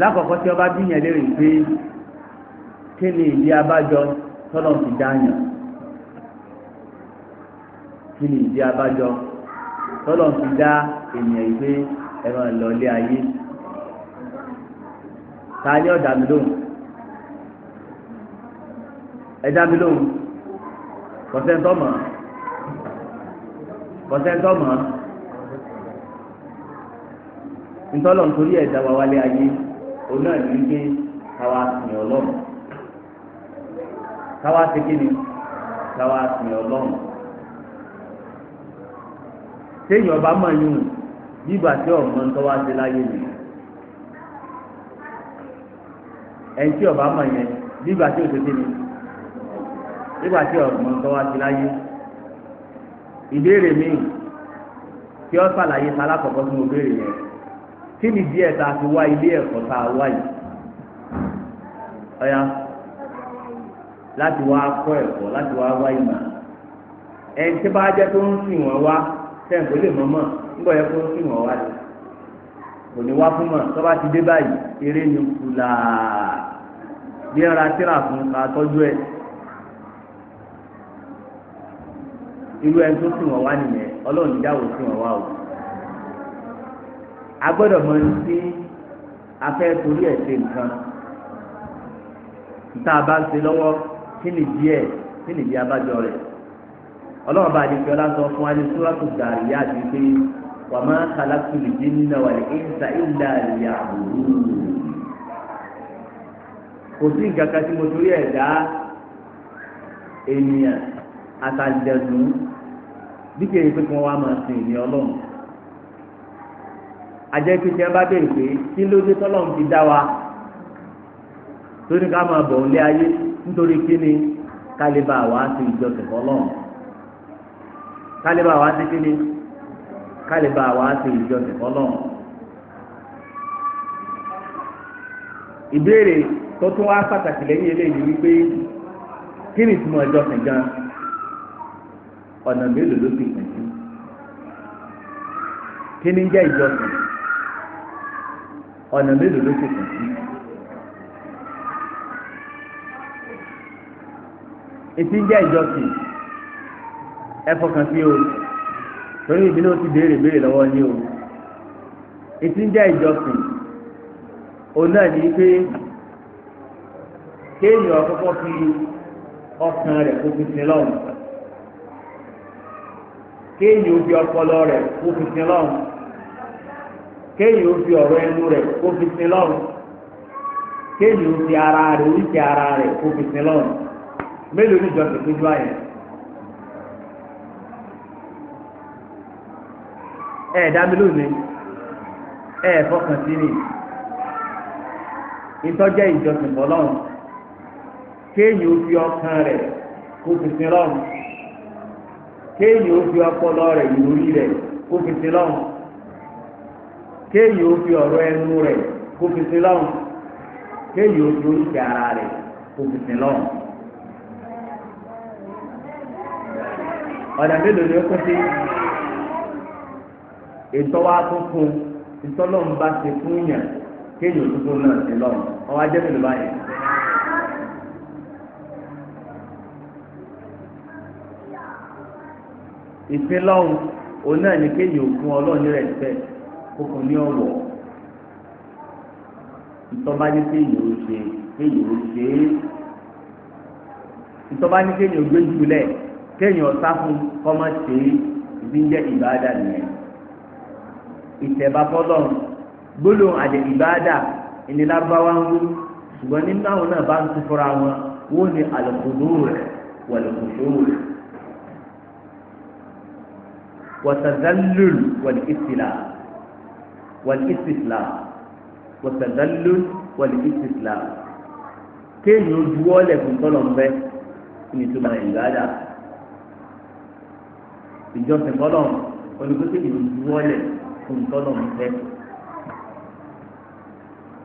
lákọ̀ọ́kọ́ tí ọba bí yẹn léèrè pé kí ni ìdí abájọ tọ́lọ̀ fi dáyàn kí ni ìdí abájọ tọ́lọ̀ fi dá ènìyàn yìí pé ẹ̀rọ ìlọlé ayé ta ni ọ̀dà mi lóhùn ẹ̀dá mi lóhùn kọ̀sẹ́ńtọ́ mọ̀ kọ̀sẹ́ńtọ́ mọ̀ ntọ́lọ̀ ẹ̀dá wa wálé ayé oná ìlú gbé káwá sìn ọlọ́run káwá ṣe kí ni káwá sìn ọlọ́run téèyàn bá mọ̀ yín nígbà tí ọ̀mọ ń tọ́wá ṣe láyé mi ẹni tí ọba mọ̀ yẹn nígbà tí òṣèṣe ni nígbà tí ọ̀mọ ń tọ́wá ṣe láyé ìbéèrè mi tí ó ṣàlàyé sálákọ̀ọ́kọ́ fún òbéèrè yẹn kí ni díẹ̀ tá a fi wá ilé ẹ̀kọ́ tá a wá yìí ọ̀ya láti wá kọ́ ẹ̀kọ́ láti wá wá ìmọ̀ ẹ̀ tí bá jẹ́ tó ń sìn wọ́n wá sẹ́ǹkó lè mọ́mọ́ nígbà yẹ kó ń sìn wọ́n wá lẹ̀ kò ní wá fún mọ̀ tọ́ba ti dé báyìí eré ni kùlà bí ara tíra fún ká tọ́jú ẹ̀ irú ẹni tó sìn wọ́n wá nìyẹn ọlọ́run ìjáwó sìn wọ́n wá o agbọ́dọ̀ mọ sí afẹ́ torí ẹ̀ ṣe nǹkan tá a bá ń ṣe lọ́wọ́ kí ni díẹ̀ kí ni díẹ̀ abájọ rẹ̀ ọlọ́run bá a di fi ọlá sọ fún alẹ́ sóràtò gàrí yá àti pé wà má kàlákù lè dín nínú wà lè ẹ̀ńsà ìlà ìyá àbúrò kò sí nǹkan kan tí mo torí ẹ̀ dá ènìyàn àtàjẹ̀dùn bí kèrè pé kí wọ́n wá máa sin ìní ọlọ́run. ajẹ́ pé tí wọ́n bá bẹ̀rẹ̀ pé kí ló dé tọ́lọ́ ti dá wa tó ká máa bọ̀ ọ́lé ayé nítorí kí ni kálíbà wa ti ìjọsìn fọlọ́ọ̀ kálíbà wa ti kí ni kálíbà wa ti ìjọsìn fọlọ́ọ̀. ìbéèrè tó tún wá pàtàkì lẹ́yìn eléyìí wípé kí ni ìtumọ̀ gan ọ̀nà mélòó ló ti sí kí ni jẹ́ ọ̀nà mélòó ló sì kù sí. etí ń jẹ́ ìjọsìn ẹ fọkàn sí o torí ìbí náà ti béèrè béèrè lọ́wọ́ ní o etí ń jẹ́ ìjọsìn òun náà ní pé kéèyàn kọ́kọ́ fi ọkàn rẹ̀ kó fi sin lọ́hùn kéèyàn fi ọpọlọ rẹ̀ kó fi sin lọ́hùn. kéèyàn ó fi ọ̀rọ̀ ẹnu rẹ̀ kó fi sin lọ́rùn fi ara rẹ̀ oríṣi ara rẹ̀ kó fi sin lọ́rùn mélòó níjọ ẹ mi lónìí ẹ fọkàn sí ni ìtọ́jẹ́ fi ọkàn rẹ̀ kó fi sin lọ́rùn fi ọpọlọ rẹ̀ rẹ̀ kó fi kéèyàn ó fi ọ̀rọ̀ ẹnu rẹ̀ kó fi sin ó fi oríṣi ara rẹ̀ kó fi sin lọ́rùn. ọ̀nà mélòó ni ó kún sí ìtọ́wá tó fún ìtọ́lọ́run fún yàn náà ọwọ́ fún rẹ̀ kó fún ní ọ̀wọ̀ ntọ́ba ní kéèyàn ó ṣe kéèyàn ó ṣe é ntọ́ba ní kéèyàn ó gbé jùlẹ̀ kéèyàn ọ̀sá fún kọ́mọ́ ṣe é ìdí ń jẹ́ ìbáadà nìyẹn ìtẹ̀bá fọ́lọ́ gbólóhùn àjẹ ìbáadà ìnilábáwá ń wú ṣùgbọ́n nínú àwọn náà bá ń tún fúnra wọn wọ́n ní àlùkùdù rẹ̀ wọ̀lùkùdù rẹ̀ wọ̀tàzálùlù wọ̀lùkìtìlà wal-istislam wọ̀tẹ̀dálú wal-istislam kéèyàn ojúwọ́ lẹ́kùn tọ́lọ̀ ń bẹ́ ní ìtumọ̀ ìgbàdà ìjọsìn tọ́lọ̀ olùkóso ìlú ojúwọ́ lẹ́kùn tọ́lọ̀ ń bẹ́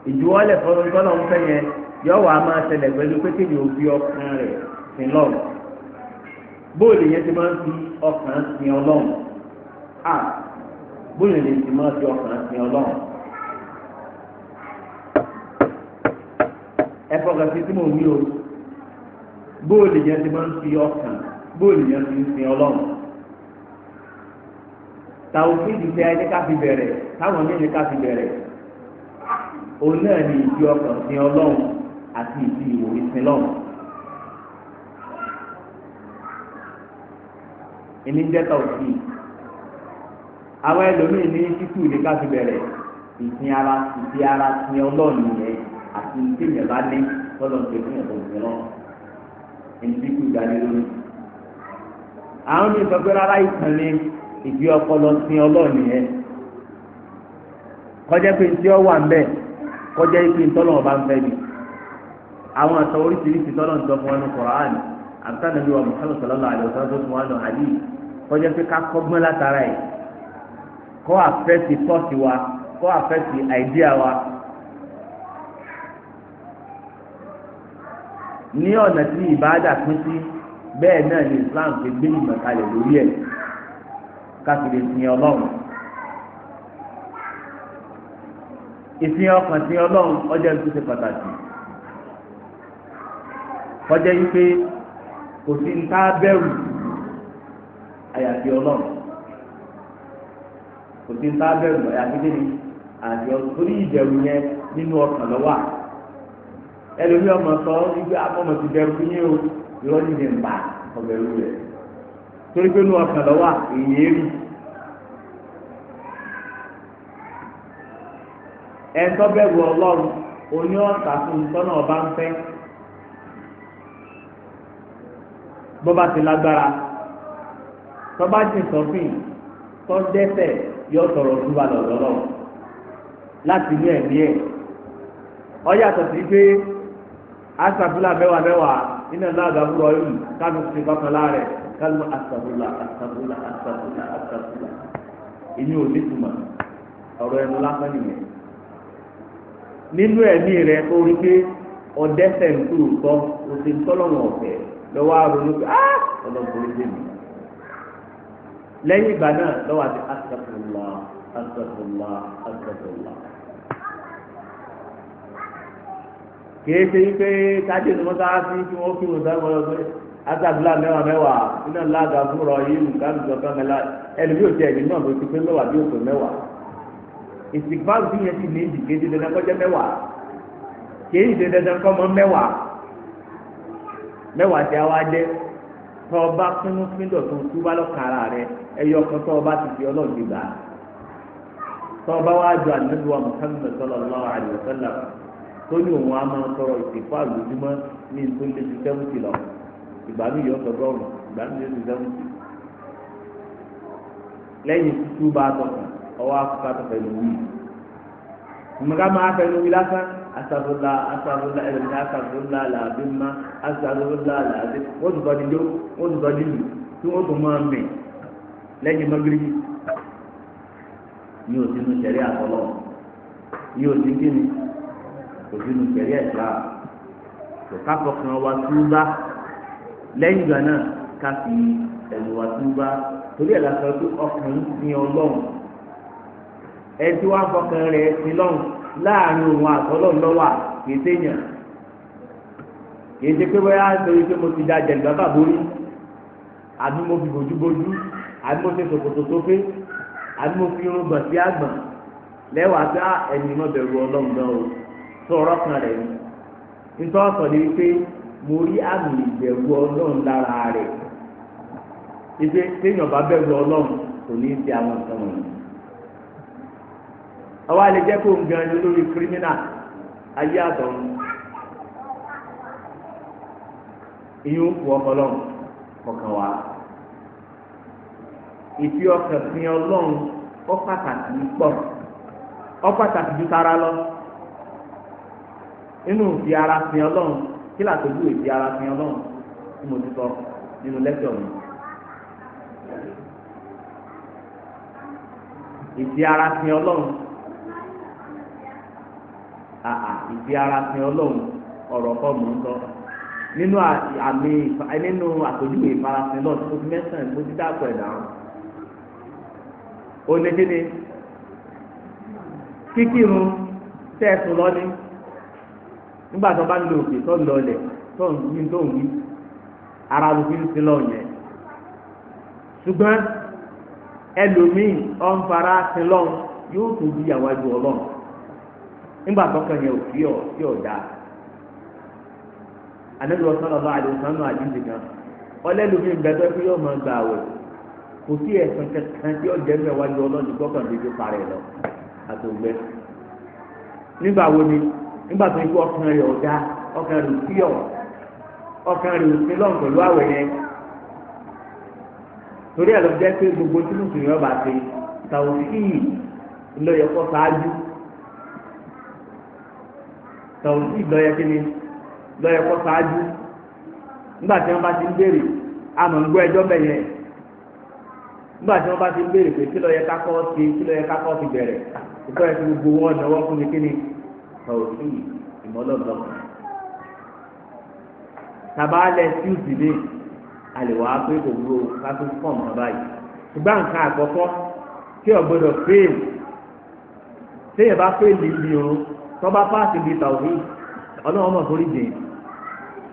ìjuwọ́ lẹ̀ fọlọ́ tọ́lọ̀ ń fẹ́ yẹn yọ wà á máa ṣẹlẹ̀ pẹ̀lú pé kéde òbí ọkàn rẹ̀ sin lọ́wọ́ bóòlù yẹn ti máa ń fi ọkàn sin A bóyá lè ti máa fi ọkàn sin ọlọ́run. ẹ fọkàn sí tí mo wí o bóòlù yẹn ti máa ń fi ọkàn bóòlù yẹn ti ń sin ọlọ́run. tàwọn fíjì fẹ́ ẹni ká fi bẹ̀rẹ̀ táwọn méjì ká fi bẹ̀rẹ̀ òun náà ni ìfi ọkàn sin ọlọ́run àti ìfi ìwòye sin lọ́run. èmi jẹ́ tàwọn àwọn ẹlòmíín ní títù ní ká fi bẹ̀rẹ̀ ìsìn ara ìsìn ara sin ọlọ́ọ̀nù yẹn àti ìsìnyẹ̀ bá ní tọ́lọ̀ tó fún ẹ̀kọ́ òfin lọ ẹni tí kò dá lé lórí. àwọn mi sọ pé rárá ìtàn ni ìgbé ọpọlọ sin ọlọ́ọ̀nù yẹn kọjá pé tí ọ wà ń bẹ kọjá pé tọ́lọ̀ ọba ń fẹ́ mi àwọn àtọ oríṣiríṣi tọ́lọ̀ ń sọ fún ẹnu Qur'an àbúkà nàbí wa Muhammad sallallahu alayhi wa sallam tó fún wa nù hadith kọjá pé ká kọ́gbọ́n látara yìí kọ́ àfẹ́sì tọ́sí wa kọ́ àfẹ́sì àìdíà wa. ní ọ̀nà tí ìbáàdà pín sí bẹ́ẹ̀ náà ni Islam ti gbé ìmọ̀ kalẹ̀ lórí ẹ̀ káfíńdé sin ọlọ́run. ìsìn ọkàn sin ọlọ́run ọjọ́ ìlú ṣe pàtàkì kọjá yìí pé kò sí ní ká bẹ̀rù àyàfi ọlọ́run. kò sí nta bẹ̀rù lọ́yà gidi ni àti torí ìbẹ̀rù yẹn nínú ọkàn lọ́wọ́ ọmọ sọ ibi akọ́mọ ti fún yín o ìrọ́ ní ní nbà ọbẹ̀rù rẹ̀ torí pé nínú ọkàn lọ́wọ́ èyí rí ẹ̀ńtọ́ bẹ̀rù ọlọ́run oní ọba ń fẹ́ ti lágbára yọ tọrọ dúbà lọ́dọ̀ náà láti ní ẹ̀mí ẹ̀ ọ̀yàtọ̀ sí pé asàfúlà mẹ́wàá mẹ́wàá nínú ẹ̀lá àgàbúrọ̀ yìí kánú ti kọ́kàn láàrẹ̀ kálù asàfúlà asàfúlà asàfúlà asàfúlà èyí ò ní tùmọ̀ ọ̀rọ̀ ẹnu lásán nìyẹn nínú ẹ̀mí rẹ̀ tó rí pé ọ̀dẹ́sẹ̀ ń tó tọ́ òsèǹtọ́lọ́wọ̀n ọ̀fẹ́ lọ́wọ́ àrùn ní pé ọlọ́gbọ̀n ló dé mi lẹ́yìn ìgbà náà lọ́wọ́ àti astaghfirullah astaghfirullah astaghfirullah. kìí ṣe wípé kájí ìdúró sáá sí kí wọ́n kírun sáwọn ọ̀rọ̀ pé asagbula mẹ́wàá mẹ́wàá iná ńlá àgàfúrọ̀ yìí nǹkan ìjọ kan mẹ́la ẹlòmí ò tiẹ̀ nínú ọ̀dọ̀ ti pé mẹ́wàá bí òkè mẹ́wàá ìsìnkú bí yẹn ti ní ìdí kéde dandan kọjá mẹ́wàá kìí ṣe dandan kọ́ mọ́ mẹ́wàá mẹ́wàá tí a wá jẹ́ tọ́ ọba fúnnú fúndọ̀ tó túbálọ̀ kára rẹ̀ ẹyọ kan tó ọba ti fi ọlọ́run ti gbà tó ọba wa jọ ànábi wa Muhammad sallallahu alayhi wa sallam tó ní òun á máa tọrọ ìsìnkú àlójúmọ́ ní nítorí lé ti sẹ́wùtì lọ ìgbà mi yọ ọ̀sọ̀gọ́rùn ìgbà mi yọ sẹ́wùtì lẹ́yìn tútù bá a tọkàn ọwọ́ akọ́kọ́ àtọ̀fẹ́ ló wí mọ̀ká máa fẹ́ ló lásán asàbùlà asàbùlà ẹ̀rìn asàbùlà làbí mọ́ asàbùlà làbí wọ́n tún tọ́ di ló wọ́n tún tọ́ di lù tí wọ́n tún máa mẹ́ lẹ́yìn mọ́gírígì ní òsínú sẹ̀rí àtọ́lọ́ ní òsín kíni òsínú sẹ̀rí ẹ̀sà tòkàtọ̀ kan wa túbá lẹ́yìn ìgbà náà ká fi ẹ̀lú wa túbá torí ẹ̀ lásán pé ọkùnrin ní ọlọ́run ẹtí wàá fọkàn rẹ̀ sí lọ́run láàrin òun àtọ́lọ́run lọ́wọ́ kìí séèyàn kìí ṣe pé bóyá nítorí pé mo ti da jẹ̀lú bàbá borí àbí mo fi bójú bójú. àdúgbòsí ṣòkòtò sókè àdúgbòsí irun gbọ̀n sí àgbọ̀n lẹ́wàá sí ẹni náà bẹ̀rù ọlọ́run náà o tó kan rẹ̀ ni nítorí ni wípé mo rí àmì ìbẹ̀rù ọlọ́run ibi téèyàn bá bẹ̀rù ọlọ́run kò ní í ṣe àwọn nǹkan àwa lè jẹ́ kó ń gan kírímínà ayé ìfi ọkàn fi ọlọ́run ó pàtàkì pọ̀ ó pàtàkì ju tara lọ inú fi ara fi ọlọ́run kí làtọ́jú ìfi ara fi ọlọ́run tí mo ti sọ nínú lẹ́tọ̀ mi. ìfi ara fi ọlọ́run àà ìfi ara fi ọlọ́run ọ̀rọ̀ kọ́ mọ̀ ń sọ nínú àmì nínú àtọ́jú ìfarasìn náà tó fi mẹ́sàn-án mo ti dáàbò ẹ̀ dáhùn. onídìní kíkírun tẹ́ ẹ lọ́ní nígbà tó bá ń lo òkè tó ń lọ ọlẹ̀ ara ló fi ń sin lọ́ọ̀ yẹn ṣùgbọ́n ẹlòmíì ọ̀nfàrà sin lọ́ọ̀ yóò tó bí àwájú ọlọ́ọ̀ nígbà tó kàn yẹn ò fi ọ̀ fi ọ̀ dáa ọba kan ọlẹ́lòmíì ń bẹ́tọ́ pé kò sí ẹ̀sìn kankan tí ọ̀jẹ̀ ń bẹ̀ wá yọ ọlọ́ọ̀ni gbọ́kàn lójú parẹ́ lọ àtògbẹ́. nígbà wo ni nígbà tó ń kó ọkàn rẹ̀ ọ̀dá ọkàn rẹ̀ òkúyọ̀ ọkàn rẹ̀ òsín lọ́n pẹ̀lú àwẹ̀ yẹn. torí ẹ̀ ló jẹ́ pé gbogbo tí mùsùlùmí ọba ṣe tàwùsíì lọ́yẹ kọ́ ṣáájú tàwùsíì lọ́yẹ kí ni lọ́yẹ kọ́ ṣáájú nígbà tí wọ́n bá ti ń béèrè nígbà tí wọn bá ti ń béèrè pé kí ló yẹ kakọ ti kí ló yẹ kakọ ti bẹ̀rẹ̀ ìkọ yẹ ti gbogbo wọn náwó fún mi kí ni ọtí ìmọlọlọ tabalẹ tíùtì lé àlèwà pé kò dúró kátó fọọmù náà báyìí ṣùgbọ́n nǹkan àkọ́kọ́ tí o gbọ́dọ̀ fail téèyàn bá fail níbi irun tó bá páàsì bíi tàwí ọlọ́run mọ̀ sórí dè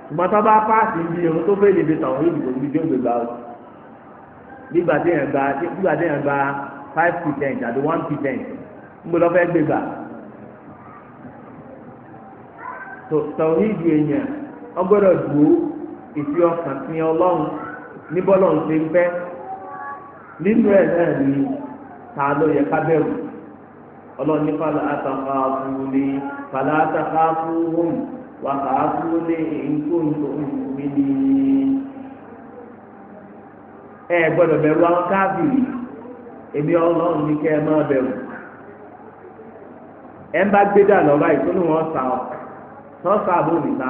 ṣùgbọ́n tó bá páàsì níbi irun tó fail níbi tàwí ìdìbò níbi tí ó gbégbá o nígbà tí yẹn gba nígbà tí yẹn gba five percent àti one percent ńgbé lọ́fẹ́ gbé gbà tọ̀hídìí èèyàn ọgbọ́dọ̀ dúró ìfi ọkàn fi ọlọ́run níbọ́lọ́run ṣe ń fẹ́ nínú ẹ̀ náà ni ta ló yẹ ká bẹ̀rù ọlọ́run ní fàlà àtàkà fún ni fàlà àtàkà wọn wà kà fún ní nǹkó nǹkó nǹkó mi nìyí. ẹ gbọdọ bẹ̀rù àwọn káàbìrì èmi Ọlọ́run ní kẹ́ ẹ máa bẹ̀rù ẹ ń bá gbé dà ìtúnú wọn sà ọ sọ́ọ̀sà àbò nìta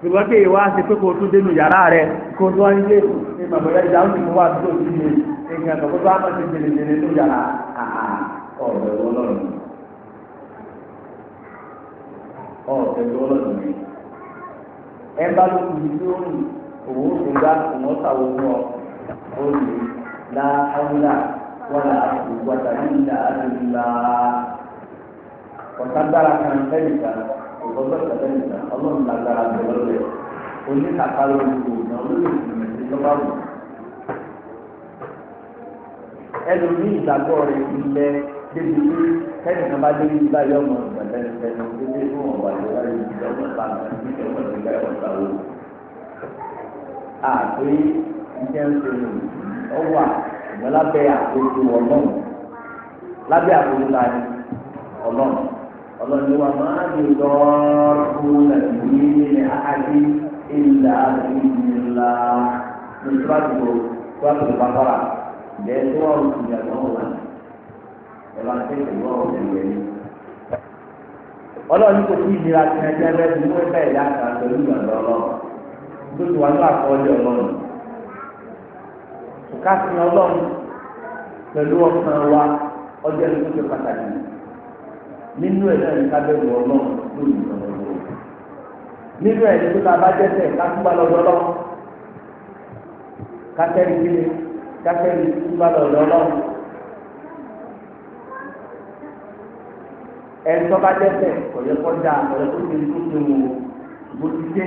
ṣùgbọ́n kí pé rẹ kó tún a máa nínú yàrá Ọlọ́run Ọlọ́run ẹ bá òwò òṣùgbà ìmọ̀tàwó fún ọ olè la áwùlà wàlà àtùwàtà nílà àdùnnà ọ̀tàgbára kan fẹ́yìntà ọ̀gbọ́gbọ́sà fẹ́yìntà ọlọ́run lágbára gbọ́lọ́lẹ̀ oníkàkà lórí òògùn olóògùn ìjọba wò ẹlòmí ìgbàgbọ́ rẹ̀ ilẹ̀ débi pé kẹ́nìkan bá dé ibi báyọ̀ ọmọ ìgbàlẹ́ ìfẹ́ ní pé pé fún ọ̀wà ìwádìí ìjọba ìgbàlẹ́ ìjọba ìgbàlẹ́ ìgbàlẹ́ àpé iṣẹ́ ni wà máa ìlà ìlà a tó tó bá fara ìjẹ́ tó wà ó ti yàgbọ́n wà ẹ̀ bá ọrụ tẹ̀sẹ̀ wọ́n ó ti tí wọ́n ti tí wọ́n tó ti wà ní àkọọ́lẹ̀ ọlọ́run ká sin ọlọ́run pẹ̀lú ọkàn wa ọjọ́ ẹni tó ṣe pàtàkì nínú ẹ̀ náà ní kábẹ́ẹ̀lì ọlọ́run lórí ìrànlọ́wọ́ nínú ẹ̀ ní tó ta bá jẹ́sẹ̀ kátúbà lọ́dọ̀ ọlọ́run kátẹ́rì kíni kátẹ́rì túbà lọ́dọ̀ ọlọ́run ẹ̀ ń tọ́ bá jẹ́sẹ̀ kọ̀yẹ́kọ́ dáa kọ̀yẹ́kọ́ tó ti wò bó ti dé.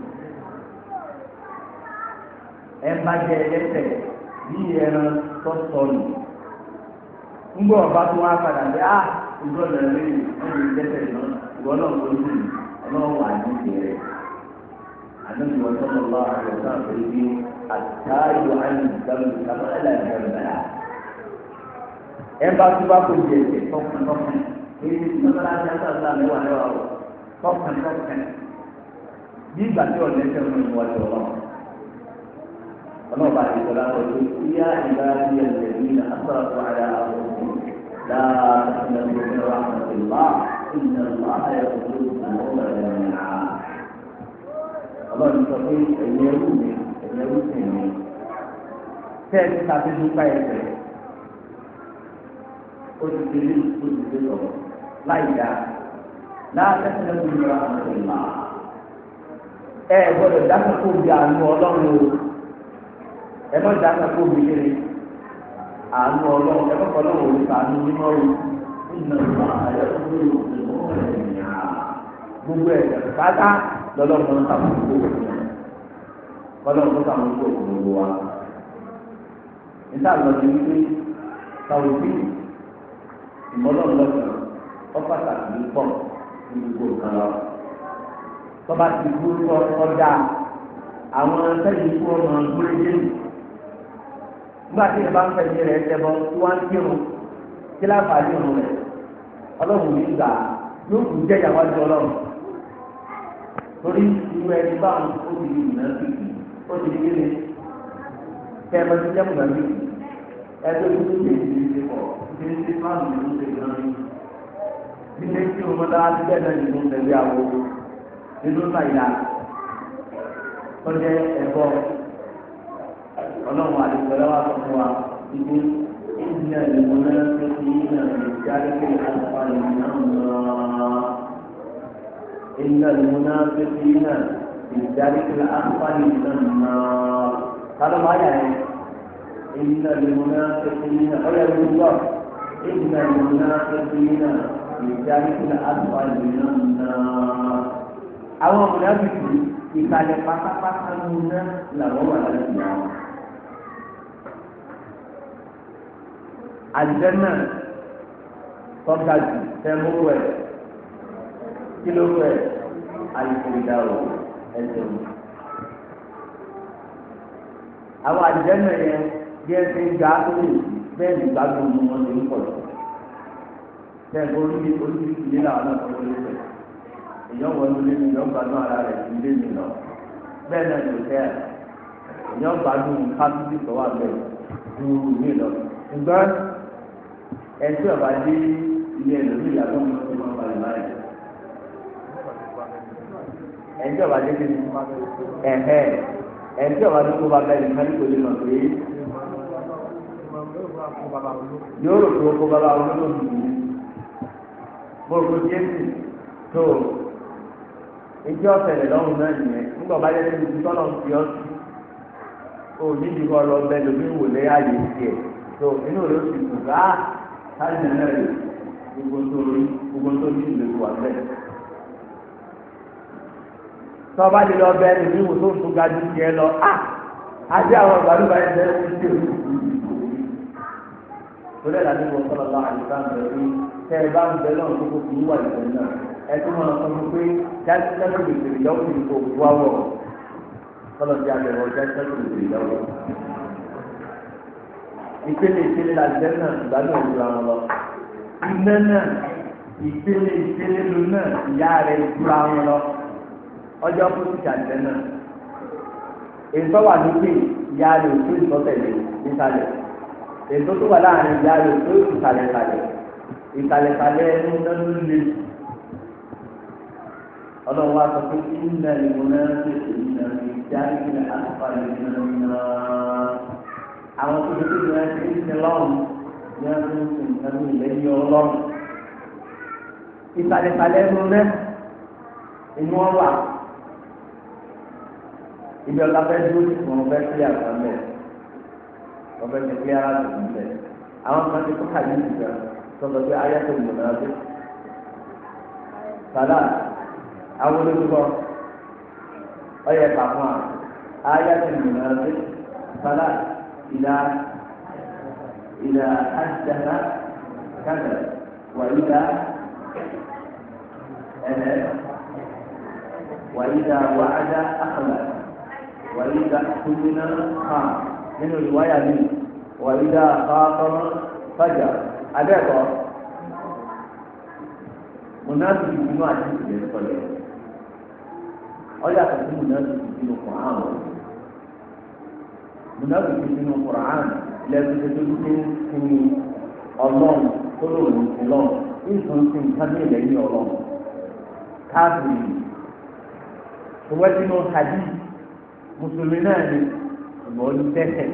ẹ̀bá jẹ ẹlẹ́sẹ̀ ẹran tó ńgbọ́ ọba tó wá padà bí a ah, ìjọ lẹ́rìn lẹ́yìn ẹlẹ́sẹ̀ náà ìwọ náà ló lù ọlọ́run wà ní ìbẹ̀rẹ̀ àdéhùn ìwọ tó lọ bá àwọn ọ̀sán bí àtàyò àyè ìdáhùn ìdáhùn ẹlẹ́sẹ̀ tó bá kó tọkàn tọkàn èyí tọkàn tọkàn bí ìgbà ọlọ́run bá ti sọ̀rọ̀ àwọn ọdún tí yá ìgbà tí ẹ̀ lè ní àtúrà tó ara àwọn ọdún dáa ìlànà ìlànà àmọ̀tẹ̀lá ìlànà àyẹ̀wò àwọn ọ̀rẹ́ ọlọ́run sọ pé ẹ̀yẹ ẹrú mi ẹ̀yẹ ẹrú sì mi tẹ́ ẹ ti tàbí nípa ẹ̀fẹ̀ ó ti di ní ó ti di lọ láì dá láàtẹ̀sẹ̀ lẹ́kùn ìlànà àmọ̀tẹ̀lá ẹ̀ gbọ́dọ̀ dákòókò bí àánú ọlọ́run o ẹ má dá kakó mi lé àánú ọlọ́run ẹ má kọ́ lọ́wọ́ òun sàánú mímọ́ o nínú ìgbà ayọ̀ tó ń lò ó gbogbo ẹ̀ pátá lọ́lọ́run tó ń sàmójú gbogbo ẹ̀ kọ́lọ́run tó ń sàmójú gbogbo wa nígbà lọ sí wípé sàwùjí ìmọ̀lọ́run lọ́sàn ọ́ pàtàkì ní pọ̀ ní gbogbo nǹkan lọ tọ́ba ti kú kọ́ ọ́ dáa àwọn kú ọmọ gbúrégé nígbà tí ìbá ń fẹ̀mí rẹ̀ ṣẹbọ tí wọ́n ń kírun kí láǹfà ní òun rẹ̀ ọlọ́run yìí gbà yóò kù jẹ́ ìyàwó àjọ ọlọ́run torí irú ẹni báwọn ó ti di ìná sí ó ti di kíni kẹ́ ẹ mọ́tí jẹ́ mùgbà bíi ẹgbẹ́ tó ti di ìdí ìdí pọ̀ ìdí ìdí máa ń lò ó ṣe gan ni ilé tí mo mọ́tà ti bẹ́ẹ̀ náà nínú الله عليه وسلم يقول إن المنافقين بذلك الحقال من النار إن المنافقين بذلك الحقال من النار هذا ما يعني إن المنافقين يقول الله إن المنافقين بذلك الحقال من النار أو منافقين إذا لم تفقهوا منا لغوا على النار àlìjẹ́nà tọ́gàjì tẹ́múrú ẹ̀ kílógù ẹ̀jẹ̀ mi. àwọn àlìjẹ́nà yẹn bí ẹ ti ń ga lórí bẹ́ẹ̀ ní gbàgbọ́ mi wọn ti ń pọ̀ lọ. bẹ́ẹ̀ orí ara rẹ̀ mi ẹtú ẹ̀ bá dé ilé ẹlòmí ìyàtọ̀ mi tó máa balẹ̀ báyìí. ẹtú ẹ̀ bá dé kíni ẹ̀hẹ́ ẹtú ẹ̀ bá dé kó bá bẹ́ẹ̀ nìkan ní kò lè mọ̀ pé yóò rò pé kó bàbá olólùmí gbogbo jésù tó ìjọ ọ̀sẹ̀lẹ̀ lọ́rùn náà nìyẹn nígbà bá yẹ kí tọ́lọ̀ ń fi ọ́ sí òní ìdìbò ọlọ́ọ̀bẹ lómi wò lé ààyè tiẹ̀ tó inú rẹ̀ ó sì dùn gáà. Ah, ha náà lè gbogbo tó rí gbogbo tó ní ìlú wà bẹ́ẹ̀. tọ́ba lè lọ bẹ́ẹ̀ ni tó ga ju tiẹ̀ lọ á àwọn yẹn bẹ́ẹ̀ ti làdúgbò sọ̀rọ̀ àyíká ń ẹ bá ń tó kókò wà lẹ́yìn náà ẹ tó mọ̀ pé jáde a ìpele ìpele làjẹ́ náà ìgbádùn ìlú àwọn lọ. iná náà ìpele ìpele lu náà ìyá rẹ̀ ìdúrà wọn lọ. ọjọ́ kó ti jàjẹ́ náà. èso wà lókè ìyá rẹ̀ òkú ìsọtẹ̀lé nísàlẹ̀. èso tó wà láàrin ìyá rẹ̀ òkú ìsàlẹ̀sàlẹ̀. ìsàlẹ̀sàlẹ̀ ẹnu náà ló le. ọlọ́run wa sọ pé kí ní ìlànà ìmúná ṣèṣe ìlànà ìdá ìlànà àkọ́kọ́ ìlànà náà àwọn tó ti tóbi wọn ti ń sin lọ́rùn ní wọn ti ń sin nǹkan ní ilẹ̀ yìí ọlọ́run ìsàlẹ̀sàlẹ̀ ẹnu rẹ inú ọwà ibi ọ̀la fẹ́ dúró sí fún ọbẹ̀ sí àgbà mẹ́ ọbẹ̀ sí pé ara dùn mẹ́ àwọn kan ti kọ́ kàdé ìgbà sọ̀tọ̀ pé ayé tó mọ̀ náà dé sàlá àwọn olóṣùpọ̀ ọyẹ kà fún wa ayé tó mọ̀ náà dé sàlá. إلى إذا حدث كذب وإذا وإذا وعد أخلف وإذا اؤتمن قام من رواية لي وإذا خاطر فجر أبيض منافق بنوع جنس الصلاة أولا تكون منافق بنوع قرآن munafiki sínú Qur'an lẹ́sìn tó tó tó fún ọlọ́run tó lò wọ́n sí lọ́run nítorí tí nǹkan ní ilẹ̀ ní ọlọ́run káàkiri ìwádìí náà tàbí mùsùlùmí náà ni ìmọ̀ ní tẹ́tẹ̀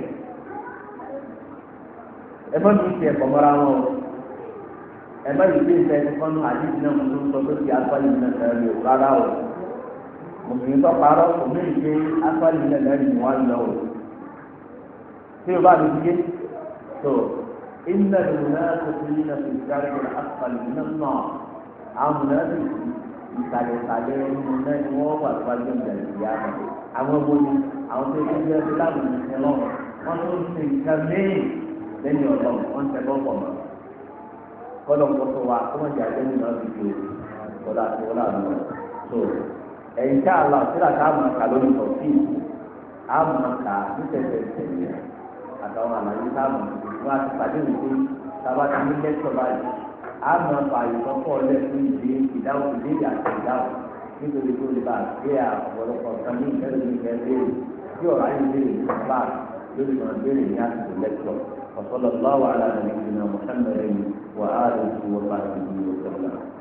ẹ má tún tiẹ̀ kọ̀mọ́ra wọn o ẹ má yìí bíi sẹ́ni kọ́nù àdìsí náà mùsùlùmí sọ pé kí asọ́lì náà sẹ́ni rárá o mùsùlùmí tó parọ́ òmìnir pé asọ́lì náà sẹ́ni wọ́n lọ o tí o bá lè fi yé tó iná ìmúná tó fi yín náà fi sáré rẹ àpàlù náà àmúná sì ìsàlẹ̀sàlẹ̀ ìmúná ni wọ́n wà síwájú ìbẹ̀rẹ̀ ìyá rẹ̀ àwọn ọmọ ni àwọn tó ti yẹ láàbù ní ẹlọ́run wọ́n tó ń ṣe nǹkan mẹ́rin lẹ́yìn ọ̀dọ́ wọn ń tẹ́gbọ́n pọ̀ mọ́ kọ́dọ̀ ń kọ́tọ̀ wa kó má jẹ́ àjẹ́nu náà fi di ọ̀dà àti ọ̀dà àdúrà tó ẹ̀yìn tá a lọ síra tá a mọ̀ ká lórí tọ̀ sí àmọ̀ ká ní tẹ̀tẹ̀ tẹ̀lé àtàwọn àlàyé táàmù wọn àti pàdé wípé tábà ti ní lẹ́tọ̀ báyìí àmọ́ àbàyè kọ́kọ́ lẹ́kùn ìdí ìdáhùn ìdí àti ìdáhùn nítorí tó lè bá gbé ọ̀pọ̀lọpọ̀ kan ní ìfẹ́lẹ́ ní ìfẹ́ béèrè tí ọ̀rọ̀ ayé béèrè ní bá lórí ìmọ̀ béèrè ní àsìkò lẹ́tọ̀ ọ̀sọ́lọ́lọ́wọ́ alárẹ̀ nìkan mọ̀sánmẹ́rin wà á lè fi wọ́n bá ti di ọ̀sọ́lọ́